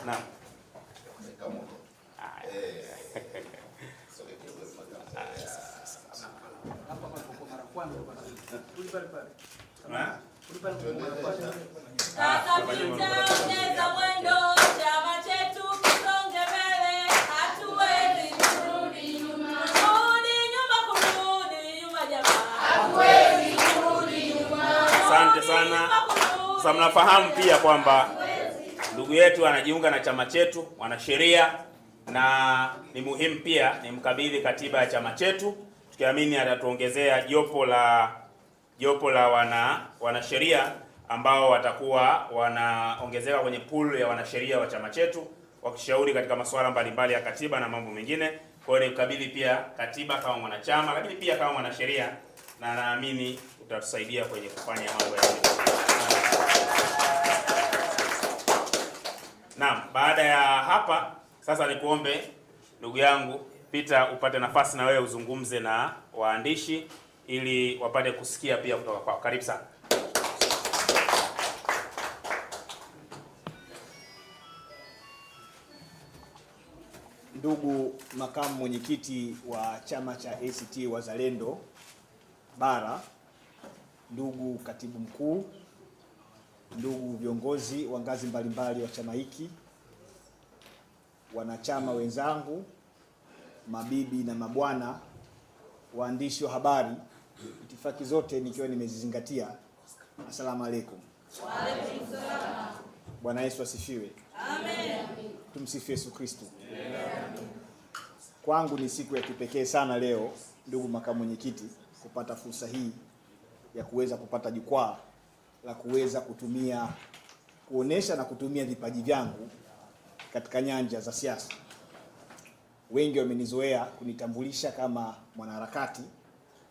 Naam. Sasa vita mwendo, chama chetu kisonge mbele, hatuwezi kurudi Asante sana. Sasa mnafahamu pia kwamba ndugu yetu anajiunga na chama chetu, mwanasheria na ni muhimu pia nimkabidhi katiba ya chama chetu, tukiamini atatuongezea jopo la jopo la wana wanasheria ambao watakuwa wanaongezeka kwenye pool ya wanasheria wa chama chetu wakishauri katika masuala mbalimbali ya katiba na mambo mengine. Kwa hiyo nimkabidhi pia katiba kama mwanachama, lakini pia kama mwanasheria, na naamini utatusaidia kwenye kufanya mambo ya Naam, baada ya hapa sasa nikuombe ndugu yangu Peter upate nafasi na wewe uzungumze na waandishi ili wapate kusikia pia kutoka kwao. Karibu sana. Ndugu makamu mwenyekiti wa chama cha ACT Wazalendo Bara, ndugu katibu mkuu ndugu viongozi wa ngazi mbalimbali wa chama hiki, wanachama wenzangu, mabibi na mabwana, waandishi wa habari, itifaki zote nikiwa nimezizingatia. Asalamu alaykum. Bwana Yesu asifiwe. Amen. Tumsifu Yesu Kristo. Kwangu ni siku ya kipekee sana leo, ndugu makamu mwenyekiti, kupata fursa hii ya kuweza kupata jukwaa la kuweza kutumia kuonesha na kutumia vipaji vyangu katika nyanja za siasa. Wengi wamenizoea kunitambulisha kama mwanaharakati,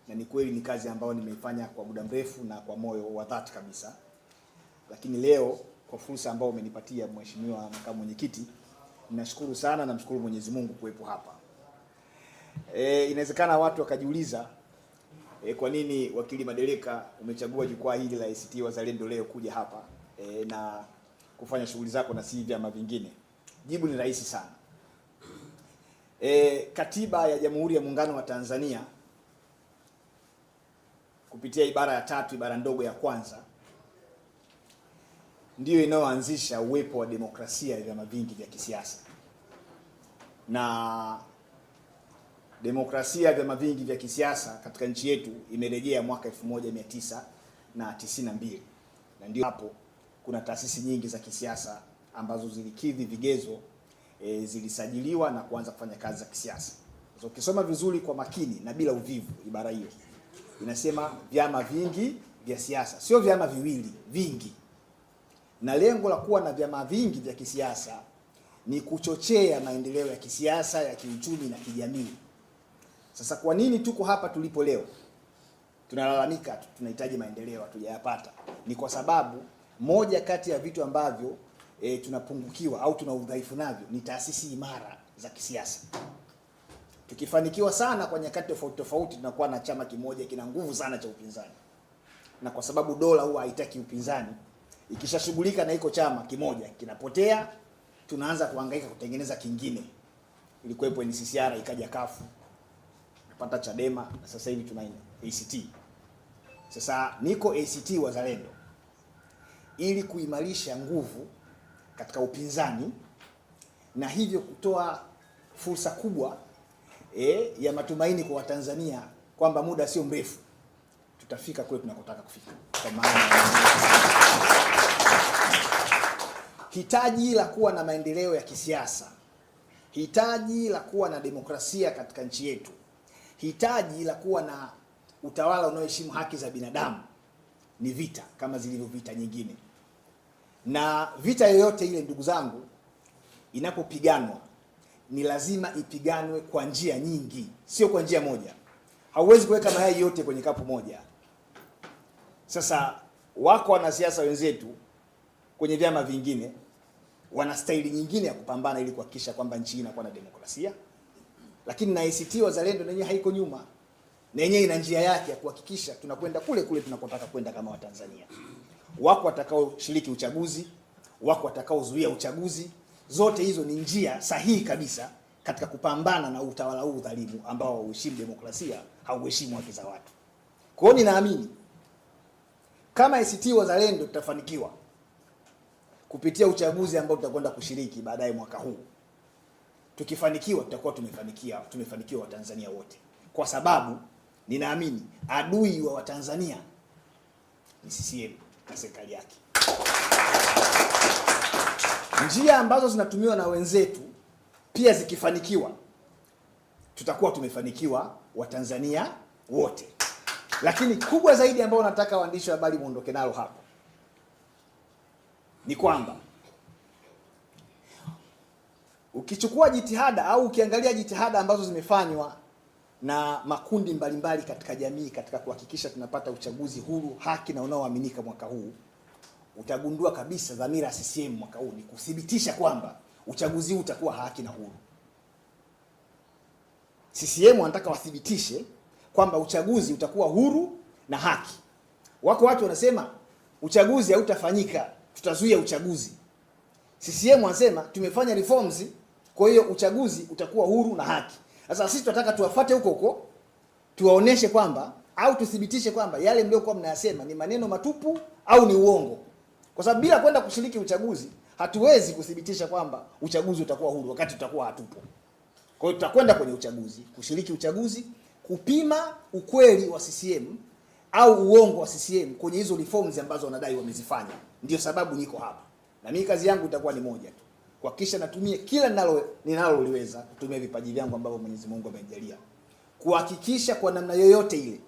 na ni kweli ni kazi ambayo nimeifanya kwa muda mrefu na kwa moyo wa dhati kabisa, lakini leo kwa fursa ambayo umenipatia Mheshimiwa Makamu Mwenyekiti, ninashukuru sana, namshukuru Mwenyezi Mungu kuwepo hapa. E, inawezekana watu wakajiuliza E, kwa nini wakili Madeleka umechagua jukwaa hili la ACT Wazalendo leo kuja hapa e, na kufanya shughuli zako na si vyama vingine? Jibu ni rahisi sana. E, katiba ya Jamhuri ya Muungano wa Tanzania kupitia ibara ya tatu ibara ndogo ya kwanza ndiyo inayoanzisha uwepo wa demokrasia ya vyama vingi vya kisiasa na demokrasia ya vyama vingi vya kisiasa katika nchi yetu imerejea mwaka 1992 na ndio hapo kuna taasisi nyingi za kisiasa ambazo zilikidhi vigezo e, zilisajiliwa na kuanza kufanya kazi za kisiasa. So, ukisoma vizuri kwa makini na bila uvivu ibara hiyo inasema vyama vingi vya siasa, sio vyama viwili, vingi. Na lengo la kuwa na vyama vingi vya kisiasa ni kuchochea maendeleo ya kisiasa, ya kiuchumi na kijamii. Sasa kwa nini tuko hapa tulipo leo? Tunalalamika tunahitaji maendeleo hatujayapata. Ni kwa sababu moja kati ya vitu ambavyo e, tunapungukiwa au tuna udhaifu navyo ni taasisi imara za kisiasa. Tukifanikiwa sana kwa nyakati tofauti tofauti, tunakuwa na chama kimoja kina nguvu sana cha upinzani, na kwa sababu dola huwa haitaki upinzani, ikishashughulika na iko chama kimoja kinapotea, tunaanza kuhangaika kutengeneza kingine. Ilikuwepo NCCR ikaja kafu nikapata Chadema na sasa hivi tuna ACT. Sasa niko ACT Wazalendo ili kuimarisha nguvu katika upinzani na hivyo kutoa fursa kubwa e, ya matumaini kwa Watanzania kwamba muda sio mrefu tutafika kule tunakotaka kufika. Kwa maana hitaji la kuwa na maendeleo ya kisiasa, hitaji la kuwa na demokrasia katika nchi yetu hitaji la kuwa na utawala unaoheshimu haki za binadamu ni vita kama zilivyo vita nyingine, na vita yoyote ile, ndugu zangu, inapopiganwa ni lazima ipiganwe kwa njia nyingi, sio kwa njia moja. Hauwezi kuweka mayai yote kwenye kapu moja. Sasa wako wanasiasa wenzetu kwenye vyama vingine wana staili nyingine ya kupambana ili kuhakikisha kwamba nchi hii inakuwa na demokrasia lakini na ACT Wazalendo nenye haiko nyuma, nenyewe ina njia yake ya kuhakikisha tunakwenda kule kule tunakotaka kwenda kama Watanzania. Wako watakaoshiriki uchaguzi, wako watakaozuia uchaguzi. Zote hizo ni njia sahihi kabisa katika kupambana na utawala huu dhalimu ambao hauheshimu demokrasia, hauheshimu haki za watu. Kwa hiyo ninaamini kama ACT Wazalendo tutafanikiwa kupitia uchaguzi ambao tutakwenda kushiriki baadaye mwaka huu Tukifanikiwa tutakuwa tumefanikia, tumefanikiwa Watanzania wote, kwa sababu ninaamini adui wa Watanzania ni CCM na serikali yake. Njia ambazo zinatumiwa na wenzetu pia zikifanikiwa, tutakuwa tumefanikiwa Watanzania wote. Lakini kubwa zaidi ambayo nataka waandishi wa habari muondoke nalo hapo ni kwamba Ukichukua jitihada au ukiangalia jitihada ambazo zimefanywa na makundi mbalimbali mbali katika jamii katika kuhakikisha tunapata uchaguzi huru, haki na unaoaminika mwaka huu, utagundua kabisa dhamira ya CCM mwaka huu ni kuthibitisha kwamba uchaguzi huu utakuwa haki na huru. CCM wanataka wathibitishe kwamba uchaguzi utakuwa huru na haki. Wako watu wanasema uchaguzi hautafanyika, tutazuia uchaguzi. CCM wanasema tumefanya reforms kwa hiyo uchaguzi utakuwa huru na haki. Sasa sisi tunataka tuwafate huko huko, tuwaoneshe kwamba au tuthibitishe kwamba yale mliokuwa mnayasema ni maneno matupu au ni uongo, kwa sababu bila kwenda kushiriki uchaguzi hatuwezi kuthibitisha kwamba uchaguzi utakuwa huru wakati tutakuwa hatupo. Kwa hiyo tutakwenda kwenye uchaguzi, kushiriki uchaguzi, kupima ukweli wa CCM au uongo wa CCM kwenye hizo reforms ambazo wanadai wamezifanya. Ndio sababu niko hapa na mimi kazi yangu itakuwa ni moja tu kuhakikisha natumie kila nalo ninaloliweza kutumia vipaji vyangu ambavyo Mwenyezi Mungu amenijalia, kuhakikisha kwa namna yoyote ile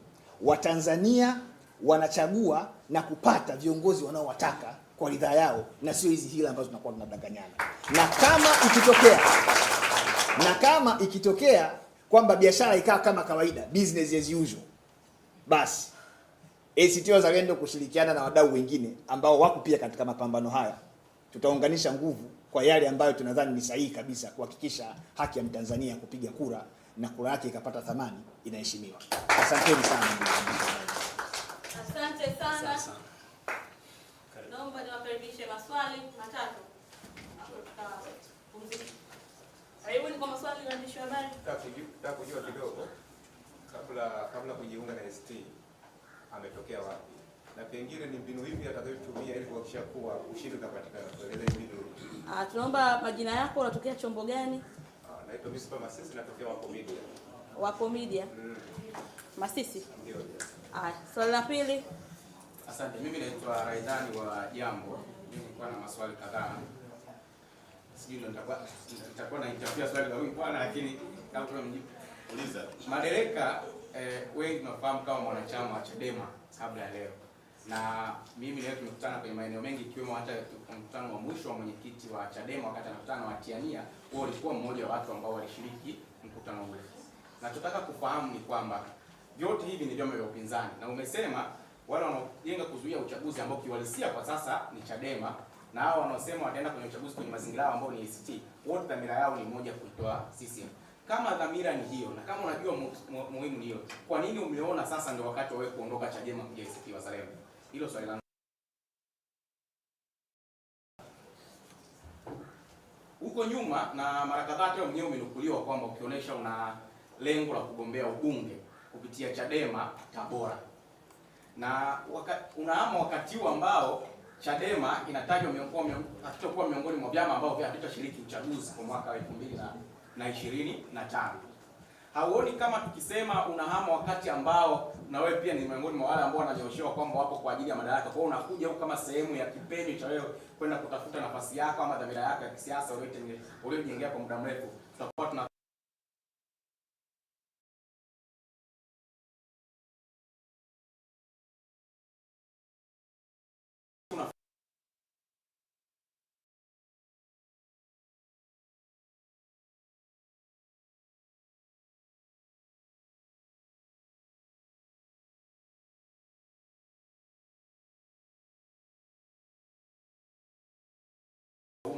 Watanzania wanachagua na kupata viongozi wanaowataka kwa ridhaa yao na sio hizi hila ambazo tunakuwa tunadanganyana. Na kama ikitokea na kama ikitokea kwamba biashara ikawa kama kawaida, business as usual, basi ACT Wazalendo kushirikiana na wadau wengine ambao wako pia katika mapambano haya, tutaunganisha nguvu kwa yale ambayo tunadhani ni sahihi kabisa kuhakikisha haki ya Mtanzania kupiga kura na kura yake ikapata thamani inaheshimiwa. Asanteni sana. Asante sana. Naomba niwakaribishe maswali matatu. kwa maswali Nataka kujua kidogo kabla kabla kujiunga na ST ametokea wapi? Na pengine ni mbinu hivi atakayotumia ili kuhakikisha kuwa ushindi utapatikana. Tueleze mbinu Ah, tunaomba majina yako, unatokea chombo gani? Ah, naitwa Misipa Masisi, natokea Wapo Media. Wapo Media. Mm. Masisi? Ndio. Ah, swali la pili. Asante, mimi naitwa Raidhani wa Jambo. Mimi Nilikuwa na maswali kadhaa. Sijui ndio nitakuwa nitakuwa na interview swali la wingi bwana, lakini kama kuna mjibu uliza. Madereka eh, wengi tunafahamu kama mwanachama wa Chadema kabla ya leo na mimi leo tumekutana kwenye maeneo mengi ikiwemo hata mkutano wa mwisho wa mwenyekiti wa Chadema wakati anakutana wa Tiania, wao walikuwa mmoja wa watu ambao walishiriki mkutano ule. Nachotaka kufahamu ni kwamba vyote hivi ni vyama vya upinzani, na umesema wale wanaojenga kuzuia uchaguzi ambao kiwalisia kwa sasa ni Chadema na hao wanaosema wataenda kwenye uchaguzi kwenye mazingira yao ambao ni ACT, wote dhamira yao ni moja, kuitoa CCM. Kama dhamira ni hiyo na kama unajua muhimu ni hiyo, kwa nini umeona sasa ndio wakati wa wewe kuondoka Chadema kuja ACT Wazalendo? hilo los adelantos. huko nyuma, na mara kadhaa tena mwenyewe umenukuliwa kwamba ukionyesha una lengo la kugombea ubunge kupitia Chadema Tabora, na waka, unaama wakati huu ambao Chadema inatajwa miongoni mwa vyama ambao havitashiriki uchaguzi kwa mwaka wa elfu mbili na ishirini na tano hauoni kama tukisema unahama wakati ambao na wewe pia ni miongoni mwa wale ambao wananyoshewa kwamba wapo kwa ajili ya madaraka. Kwa hiyo unakuja huko kama sehemu ya kipenyo cha wewe kwenda kutafuta nafasi yako ama dhamira yako ya kisiasa uliyojengea kwa muda mrefu, tutakuwa tuna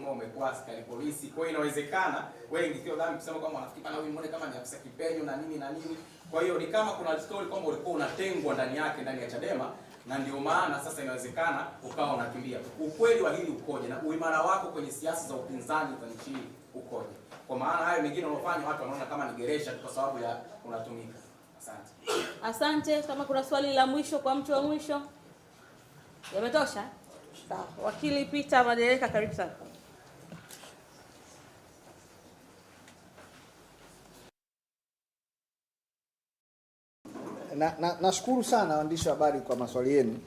mfumo umekuwa askari polisi. Kwa hiyo inawezekana wengi, sio dhambi kusema kwamba wanafikiri kana huyu kama ni afisa kipenyo na nini na nini. Kwa hiyo ni kama kuna story kwamba ulikuwa unatengwa ndani yake ndani ya Chadema na ndio maana sasa inawezekana ukawa unakimbia. Ukweli wa hili ukoje na uimara wako kwenye siasa za upinzani za nchi hii ukoje? Kwa maana hayo mengine unaofanya watu wanaona kama ni geresha kwa sababu ya unatumika. Asante. Asante. Kama kuna swali la mwisho kwa mtu wa mwisho, yametosha. Sawa, wakili Peter Madereka, karibu sana. Nashukuru na, na sana waandishi wa habari kwa maswali yenu,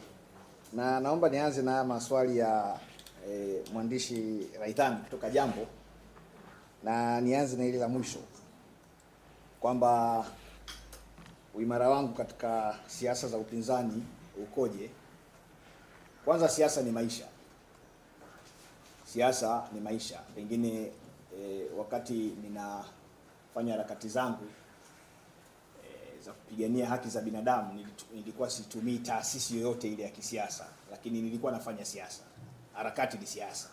na naomba nianze na maswali ya eh, mwandishi Raidhani kutoka Jambo, na nianze na ile la mwisho kwamba uimara wangu katika siasa za upinzani ukoje? Kwanza, siasa ni maisha, siasa ni maisha. Pengine eh, wakati ninafanya harakati zangu za kupigania haki za binadamu nilikuwa situmii taasisi yoyote ile ya kisiasa, lakini nilikuwa nafanya siasa. Harakati ni siasa.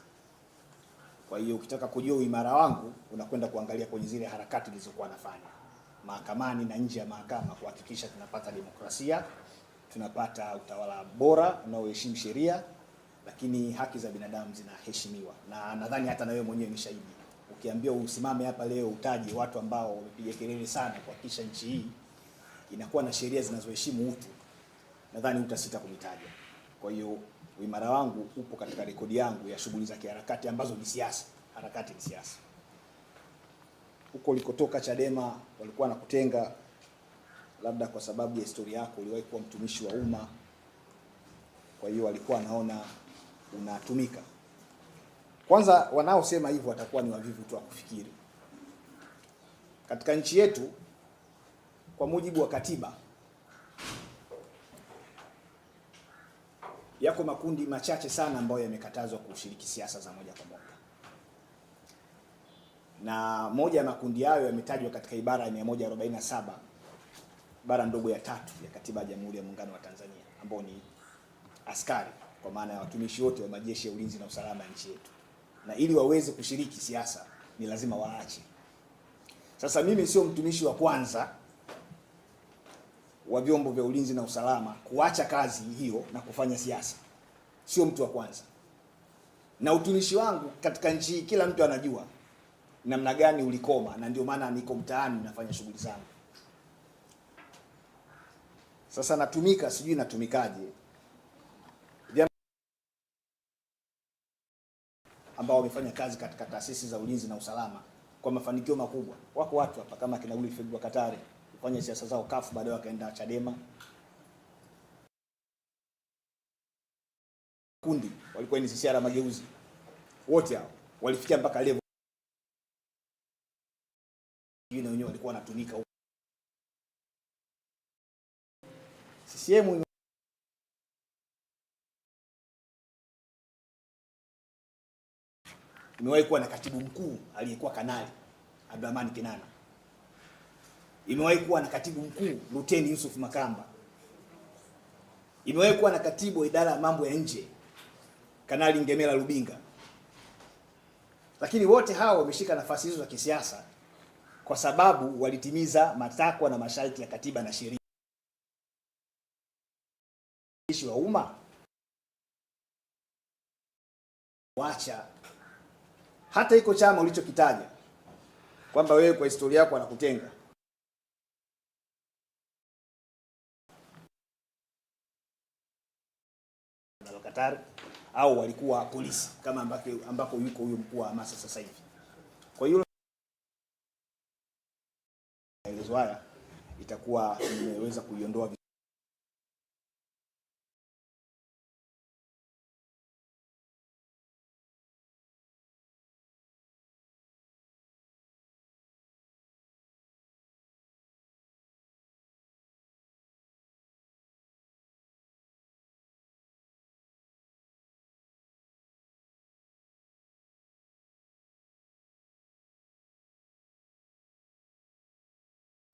Kwa hiyo ukitaka kujua uimara wangu unakwenda kuangalia kwenye zile harakati nilizokuwa nafanya mahakamani na nje ya mahakama, kuhakikisha tunapata demokrasia, tunapata utawala bora unaoheshimu sheria, lakini haki za binadamu zinaheshimiwa. Na nadhani hata na wewe mwenyewe ni shahidi, ukiambiwa usimame hapa leo utaje watu ambao wamepiga kelele sana kuhakikisha nchi hii inakuwa na sheria zinazoheshimu utu, nadhani utasita kulitaja. Kwa hiyo uimara wangu upo katika rekodi yangu ya shughuli za kiharakati ambazo ni siasa. Harakati ni siasa. Huko ulikotoka Chadema walikuwa nakutenga, labda kwa sababu ya historia yako, uliwahi kuwa mtumishi wa umma, kwa hiyo walikuwa wanaona unatumika. Kwanza wanaosema hivyo watakuwa ni wavivu tu wa kufikiri. Katika nchi yetu kwa mujibu wa katiba. Yako makundi machache sana ambayo yamekatazwa kushiriki siasa za moja kwa moja, na moja ya makundi hayo yametajwa katika ibara ya 147 bara ndogo ya tatu ya katiba ya Jamhuri ya Muungano wa Tanzania, ambao ni askari, kwa maana ya watumishi wote wa majeshi ya ulinzi na usalama nchi yetu, na ili waweze kushiriki siasa ni lazima waache. Sasa mimi sio mtumishi wa kwanza wa vyombo vya ulinzi na usalama kuacha kazi hiyo na kufanya siasa. Sio mtu wa kwanza, na utumishi wangu katika nchi hii kila mtu anajua namna gani ulikoma, na ndio maana niko mtaani nafanya shughuli zangu. Sasa natumika, sijui natumikaje, ambao wamefanya kazi katika taasisi za ulinzi na usalama kwa mafanikio makubwa, wako watu hapa kama kina Wilfred Wakatare kwenye siasa zao kafu, baadaye wakaenda Chadema. Kundi walikuwa ni CCR Mageuzi, wote hao walifikia mpaka leo yule wenyewe walikuwa wanatumika huko CCM imewahi kuwa na katibu mkuu aliyekuwa kanali Abdurahmani Kinana imewahi kuwa na katibu mkuu Luteni Yusuf Makamba, imewahi kuwa na katibu wa idara ya mambo ya nje Kanali Ngemela Lubinga, lakini wote hawa wameshika nafasi hizo za kisiasa kwa sababu walitimiza matakwa na masharti ya katiba na sheria wa umma wacha hata iko chama ulichokitaja kwamba wewe kwa historia yako wanakutenga Qatar au walikuwa polisi kama ambako, ambako yuko huyo mkuu wa Hamasa sasa hivi. Kwa hiyo maelezo haya itakuwa imeweza kuiondoa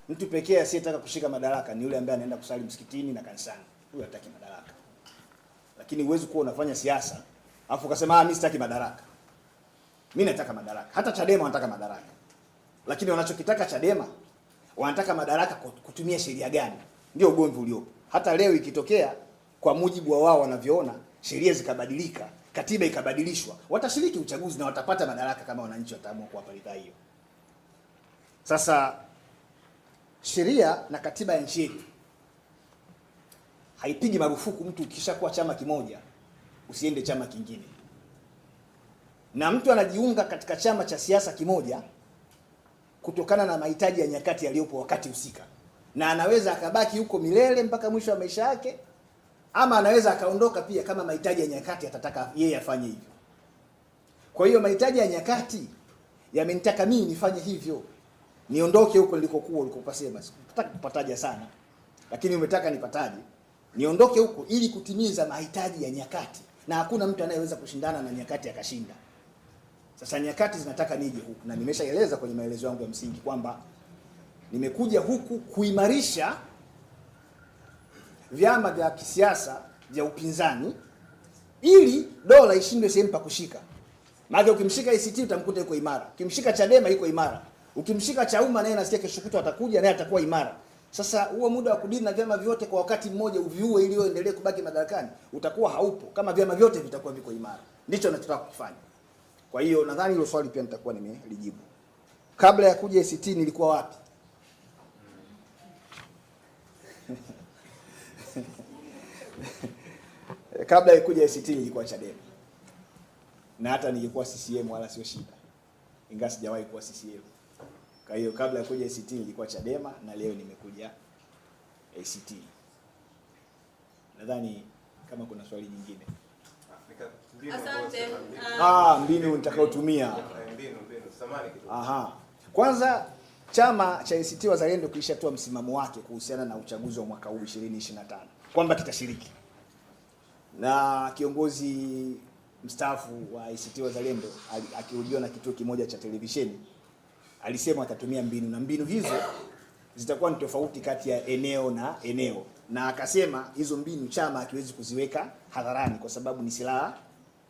Mtu pekee asiyetaka kushika madaraka ni yule ambaye anaenda kusali msikitini na kanisani. Huyo hataki madaraka. Lakini huwezi kuwa unafanya siasa afu ukasema ah, mimi sitaki madaraka. Mimi nataka madaraka. Hata Chadema wanataka madaraka. Lakini wanachokitaka Chadema wanataka madaraka kutumia sheria gani? Ndio ugomvi uliopo. Hata leo ikitokea kwa mujibu wa wao wanavyoona sheria zikabadilika, katiba ikabadilishwa, watashiriki uchaguzi na watapata madaraka kama wananchi wataamua kuwapa ridhaa hiyo. Sasa sheria na katiba ya nchi yetu haipigi marufuku mtu ukishakuwa chama kimoja usiende chama kingine, na mtu anajiunga katika chama cha siasa kimoja kutokana na mahitaji ya nyakati yaliyopo wakati husika, na anaweza akabaki huko milele mpaka mwisho wa maisha yake, ama anaweza akaondoka pia kama mahitaji ya nyakati atataka yeye afanye hivyo. Kwa hiyo mahitaji ya nyakati yamenitaka mimi nifanye hivyo niondoke huko nilikokuwa ulikopasia, basi nataka kupataja sana, lakini umetaka nipataje? Niondoke huko ili kutimiza mahitaji ya nyakati, na hakuna mtu anayeweza kushindana na nyakati akashinda. Sasa nyakati zinataka nije huku, na nimeshaeleza kwenye maelezo yangu ya msingi kwamba nimekuja huku kuimarisha vyama vya kisiasa vya upinzani ili dola ishindwe sehemu pa kushika. Maana ukimshika ACT utamkuta yuko imara, ukimshika Chadema yuko imara, Ukimshika Chauma naye nasikia kesho kutwa atakuja naye atakuwa imara. Sasa huo muda wa kudili na vyama vyote kwa wakati mmoja uviue ili uendelee kubaki madarakani utakuwa haupo, kama vyama vyote vitakuwa viko imara. Ndicho nachotaka kufanya. Kwa hiyo nadhani hilo swali pia nitakuwa nimelijibu. Kabla ya kuja ACT nilikuwa wapi? Kabla ya kuja ACT nilikuwa Chadema na hata nilikuwa CCM, wala sio shida, ingawa sijawahi kuwa CCM. Kwa hiyo kabla ya kuja ACT nilikuwa Chadema na leo nimekuja ACT. Nadhani kama kuna swali jingine. Asante. Ah, mbinu ah, nitakayotumia. Eh, Aha. Kwanza chama cha ACT Wazalendo kilishatoa msimamo wake kuhusiana na uchaguzi wa mwaka huu 2025 kwamba kitashiriki na kiongozi mstaafu wa ACT Wazalendo akihojiwa na kituo kimoja cha televisheni alisema atatumia mbinu na mbinu hizo zitakuwa ni tofauti kati ya eneo na eneo, na akasema hizo mbinu chama hakiwezi kuziweka hadharani kwa sababu ni silaha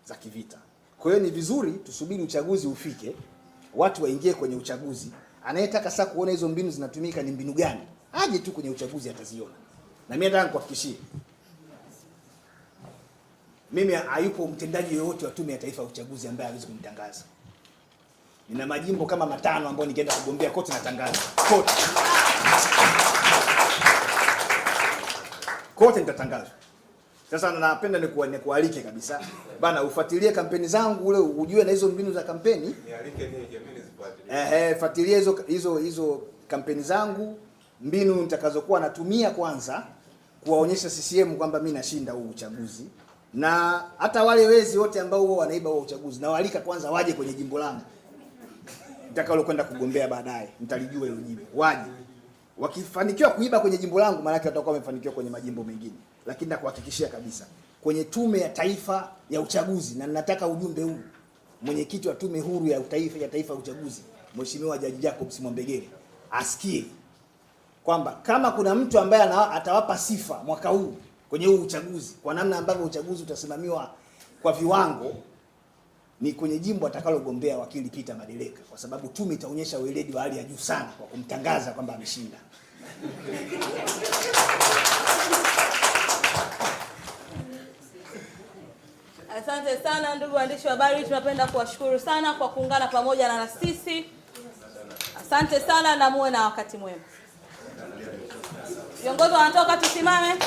za kivita. Kwa hiyo ni vizuri tusubiri uchaguzi ufike, watu waingie kwenye uchaguzi. Anayetaka sasa kuona hizo mbinu zinatumika ni mbinu gani, aje tu kwenye uchaguzi ataziona. Na mimi nataka nikuhakikishie, mimi hayupo mtendaji yoyote wa Tume ya Taifa ya Uchaguzi ambaye hawezi kumtangaza Nina majimbo kama matano ambayo nikienda kugombea kote natangaza. Kote. Kote nitatangaza. Sasa napenda nikualike kabisa. Bana ufuatilie kampeni zangu ule ujue na hizo mbinu za kampeni. Nialike nini jamii zifuatilie. Eh, fuatilia hizo hizo hizo kampeni zangu, mbinu nitakazokuwa natumia kwanza kuwaonyesha CCM kwamba mimi nashinda huu uchaguzi. Na hata wale wezi wote ambao huwa wanaiba huo uchaguzi nawaalika kwanza waje kwenye jimbo langu mtakalo kwenda kugombea baadaye, nitalijua hilo jimbo. Waje wakifanikiwa kuiba kwenye jimbo langu, maanake watakuwa wamefanikiwa kwenye majimbo mengine, lakini nakuhakikishia kabisa kwenye Tume ya Taifa ya Uchaguzi, na ninataka ujumbe huu, mwenyekiti wa Tume Huru ya Taifa ya Taifa ya Uchaguzi, Mheshimiwa Jaji Jacobs Mwambegele asikie kwamba kama kuna mtu ambaye atawapa sifa mwaka huu kwenye huu uchaguzi, kwa namna ambavyo uchaguzi utasimamiwa kwa viwango ni kwenye jimbo atakalogombea wakili Peter Madeleka, kwa sababu tume itaonyesha weledi wa hali ya juu sana kwa kumtangaza kwamba ameshinda. Asante sana ndugu waandishi wa habari, tunapenda kuwashukuru sana kwa kuungana pamoja na sisi. Asante sana na muwe na wakati mwema. Viongozi wanatoka, tusimame.